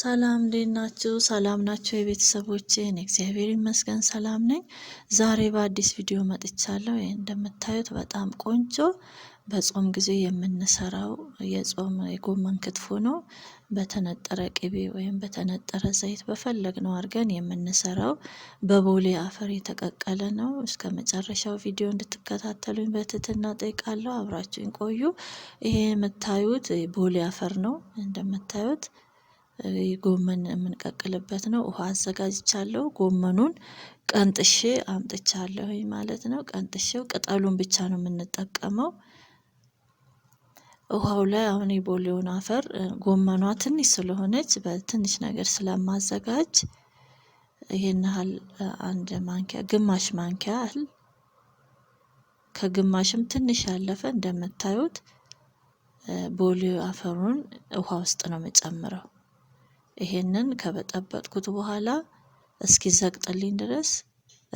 ሰላም እንዴት ናችሁ? ሰላም ናቸው የቤተሰቦች እግዚአብሔር ይመስገን ሰላም ነኝ። ዛሬ በአዲስ ቪዲዮ መጥቻለሁ። ይህ እንደምታዩት በጣም ቆንጆ በጾም ጊዜ የምንሰራው የጾም የጎመን ክትፎ ነው። በተነጠረ ቅቤ ወይም በተነጠረ ዘይት በፈለግነው አድርገን የምንሰራው በቦሌ አፈር የተቀቀለ ነው። እስከ መጨረሻው ቪዲዮ እንድትከታተሉኝ በትህትና ጠይቃለሁ። አብራችሁን ቆዩ። ይሄ የምታዩት ቦሌ አፈር ነው እንደምታዩት ጎመን የምንቀቅልበት ነው። ውሃ አዘጋጅቻለሁ። ጎመኑን ቀንጥሼ አምጥቻለሁ ማለት ነው። ቀንጥሼው ቅጠሉን ብቻ ነው የምንጠቀመው። ውሃው ላይ አሁን የቦሌውን አፈር ጎመኗ ትንሽ ስለሆነች በትንሽ ነገር ስለማዘጋጅ ይህን ያህል አንድ ማንኪያ ግማሽ ማንኪያ ያህል ከግማሽም ትንሽ ያለፈ እንደምታዩት ቦሌ አፈሩን ውሃ ውስጥ ነው የምጨምረው። ይሄንን ከበጠበጥኩት በኋላ እስኪዘቅጥልኝ ድረስ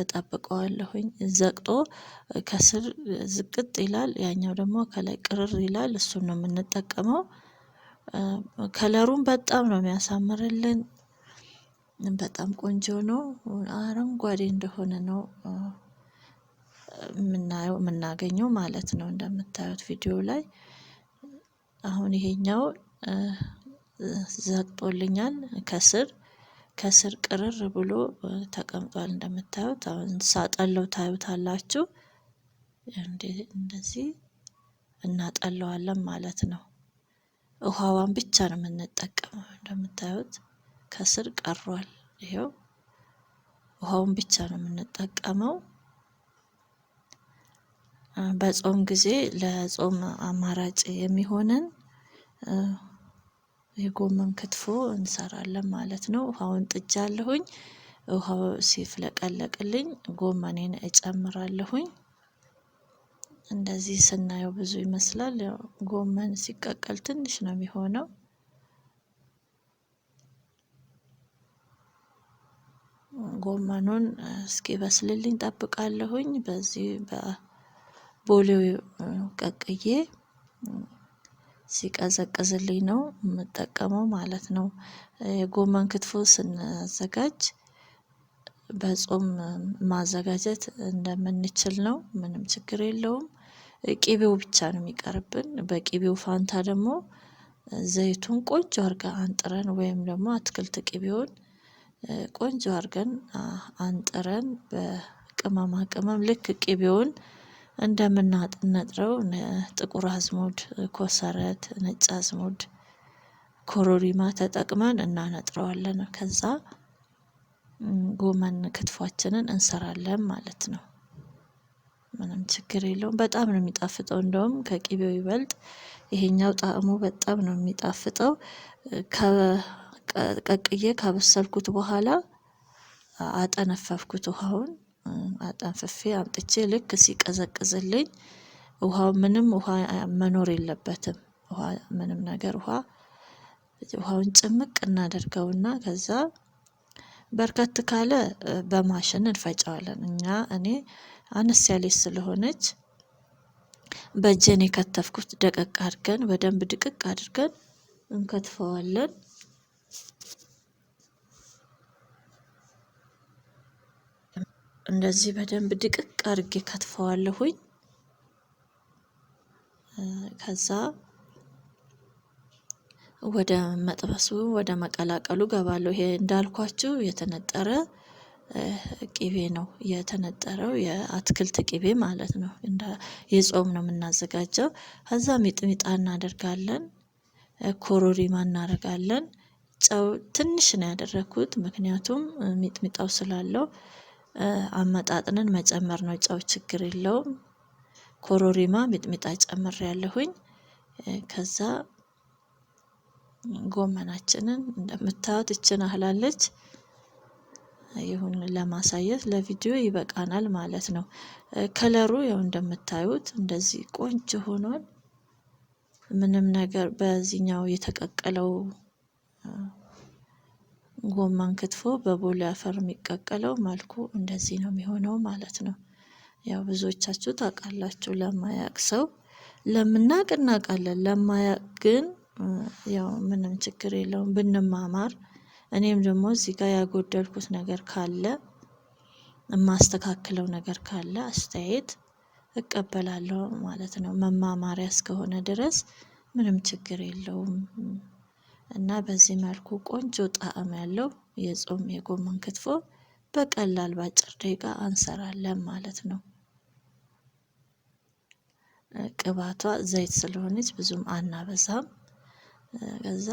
እጠብቀዋለሁኝ። ዘቅጦ ከስር ዝቅጥ ይላል፣ ያኛው ደግሞ ከላይ ቅርር ይላል። እሱን ነው የምንጠቀመው። ከለሩን በጣም ነው የሚያሳምርልን። በጣም ቆንጆ ነው። አረንጓዴ እንደሆነ ነው የምናየው የምናገኘው ማለት ነው። እንደምታዩት ቪዲዮ ላይ አሁን ይሄኛው ዘግጦልኛል። ከስር ከስር ቅርር ብሎ ተቀምጧል። እንደምታዩት አሁን ሳጠለው ታዩታላችሁ። እንደዚህ እናጠለዋለን ማለት ነው። ውሃዋን ብቻ ነው የምንጠቀመው። እንደምታዩት ከስር ቀሯል። ይሄው ውሃውን ብቻ ነው የምንጠቀመው። በጾም ጊዜ ለጾም አማራጭ የሚሆንን የጎመን ክትፎ እንሰራለን ማለት ነው። ውሃውን አለሁኝ ውሃው ሲፍለቀለቅልኝ ጎመኔን እጨምራለሁኝ። እንደዚህ ስናየው ብዙ ይመስላል ጎመን ሲቀቀል ትንሽ ነው የሚሆነው። ጎመኑን እስኪ በስልልኝ ጠብቃለሁኝ በዚህ በቦሌው ቀቅዬ ሲቀዘቅዝልኝ ነው የምጠቀመው ማለት ነው። የጎመን ክትፎ ስናዘጋጅ በጾም ማዘጋጀት እንደምንችል ነው ምንም ችግር የለውም። ቂቤው ብቻ ነው የሚቀርብን በቂቤው ፋንታ ደግሞ ዘይቱን ቆንጆ አድርገን አንጥረን ወይም ደግሞ አትክልት ቂቤውን ቆንጆ አድርገን አንጥረን በቅመማ ቅመም ልክ ቂቤውን እንደምናነጥረው ጥቁር አዝሙድ፣ ኮሰረት፣ ነጭ አዝሙድ፣ ኮሮሪማ ተጠቅመን እናነጥረዋለን። ከዛ ጎመን ክትፏችንን እንሰራለን ማለት ነው። ምንም ችግር የለውም። በጣም ነው የሚጣፍጠው። እንደውም ከቂቤው ይበልጥ ይሄኛው ጣዕሙ በጣም ነው የሚጣፍጠው። ቀቅዬ ካበሰልኩት በኋላ አጠነፈፍኩት ውሃውን። አጠንፍፌ አምጥቼ ልክ ሲቀዘቅዝልኝ ውሃው ምንም ውሃ መኖር የለበትም። ውሃ ምንም ነገር ውሃ ውሃውን ጭምቅ እናደርገውና ከዛ በርከት ካለ በማሽን እንፈጨዋለን። እኛ እኔ አነስ ያለች ስለሆነች በእጄ የከተፍኩት ደቀቅ አድርገን በደንብ ድቅቅ አድርገን እንከትፈዋለን እንደዚህ በደንብ ድቅቅ አድርጌ ከትፈዋለሁኝ። ከዛ ወደ መጥበሱ ወደ መቀላቀሉ ገባለሁ። ይሄ እንዳልኳችሁ የተነጠረ ቂቤ ነው የተነጠረው፣ የአትክልት ቂቤ ማለት ነው። የጾም ነው የምናዘጋጀው። ከዛ ሚጥሚጣ እናደርጋለን፣ ኮሮሪማ እናደርጋለን። ጨው ትንሽ ነው ያደረኩት፣ ምክንያቱም ሚጥሚጣው ስላለው አመጣጥነን መጨመር ነው። ጨው ችግር የለውም። ኮሮሪማ ሚጥሚጣ ያለሁኝ ከዛ ጎመናችንን እንደምታዩት እችን አህላለች ይሁን ለማሳየት ለቪዲዮ ይበቃናል ማለት ነው። ከለሩ ያው እንደምታዩት እንደዚህ ቆንጆ ሆኗል። ምንም ነገር በዚህኛው የተቀቀለው ጎመን ክትፎ በቦሌ አፈር የሚቀቀለው መልኩ እንደዚህ ነው የሚሆነው ማለት ነው። ያው ብዙዎቻችሁ ታውቃላችሁ። ለማያቅ ሰው ለምናቅ እናውቃለን። ለማያቅ ግን ያው ምንም ችግር የለውም ብንማማር። እኔም ደግሞ እዚህ ጋር ያጎደልኩት ነገር ካለ የማስተካክለው ነገር ካለ አስተያየት እቀበላለሁ ማለት ነው። መማማሪያ እስከሆነ ድረስ ምንም ችግር የለውም። እና በዚህ መልኩ ቆንጆ ጣዕም ያለው የጾም የጎመን ክትፎ በቀላል ባጭር ደቂቃ አንሰራለን ማለት ነው። ቅባቷ ዘይት ስለሆነች ብዙም አናበዛም። ከዛ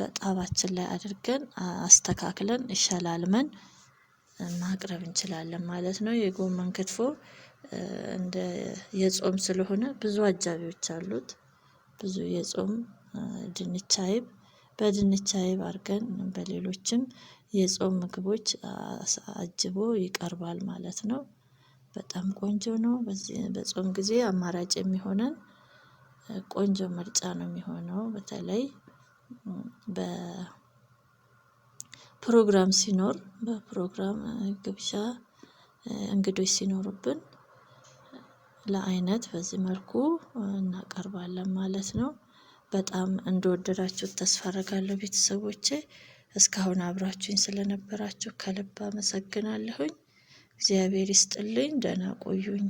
በጣባችን ላይ አድርገን አስተካክለን እሸላልመን ማቅረብ እንችላለን ማለት ነው። የጎመን ክትፎ እንደ የጾም ስለሆነ ብዙ አጃቢዎች አሉት። ብዙ የጾም ድንች አይብ በድንች አይብ አድርገን በሌሎችም የጾም ምግቦች አጅቦ ይቀርባል ማለት ነው። በጣም ቆንጆ ነው በጾም ጊዜ አማራጭ የሚሆነን ቆንጆ ምርጫ ነው የሚሆነው በተለይ በፕሮግራም ፕሮግራም ሲኖር በፕሮግራም ግብዣ እንግዶች ሲኖሩብን ለአይነት በዚህ መልኩ እናቀርባለን ማለት ነው በጣም እንደወደዳችሁት ተስፋ አደርጋለሁ ቤተሰቦቼ። እስካሁን አብራችሁኝ ስለነበራችሁ ከልብ አመሰግናለሁኝ። እግዚአብሔር ይስጥልኝ። ደህና ቆዩኝ።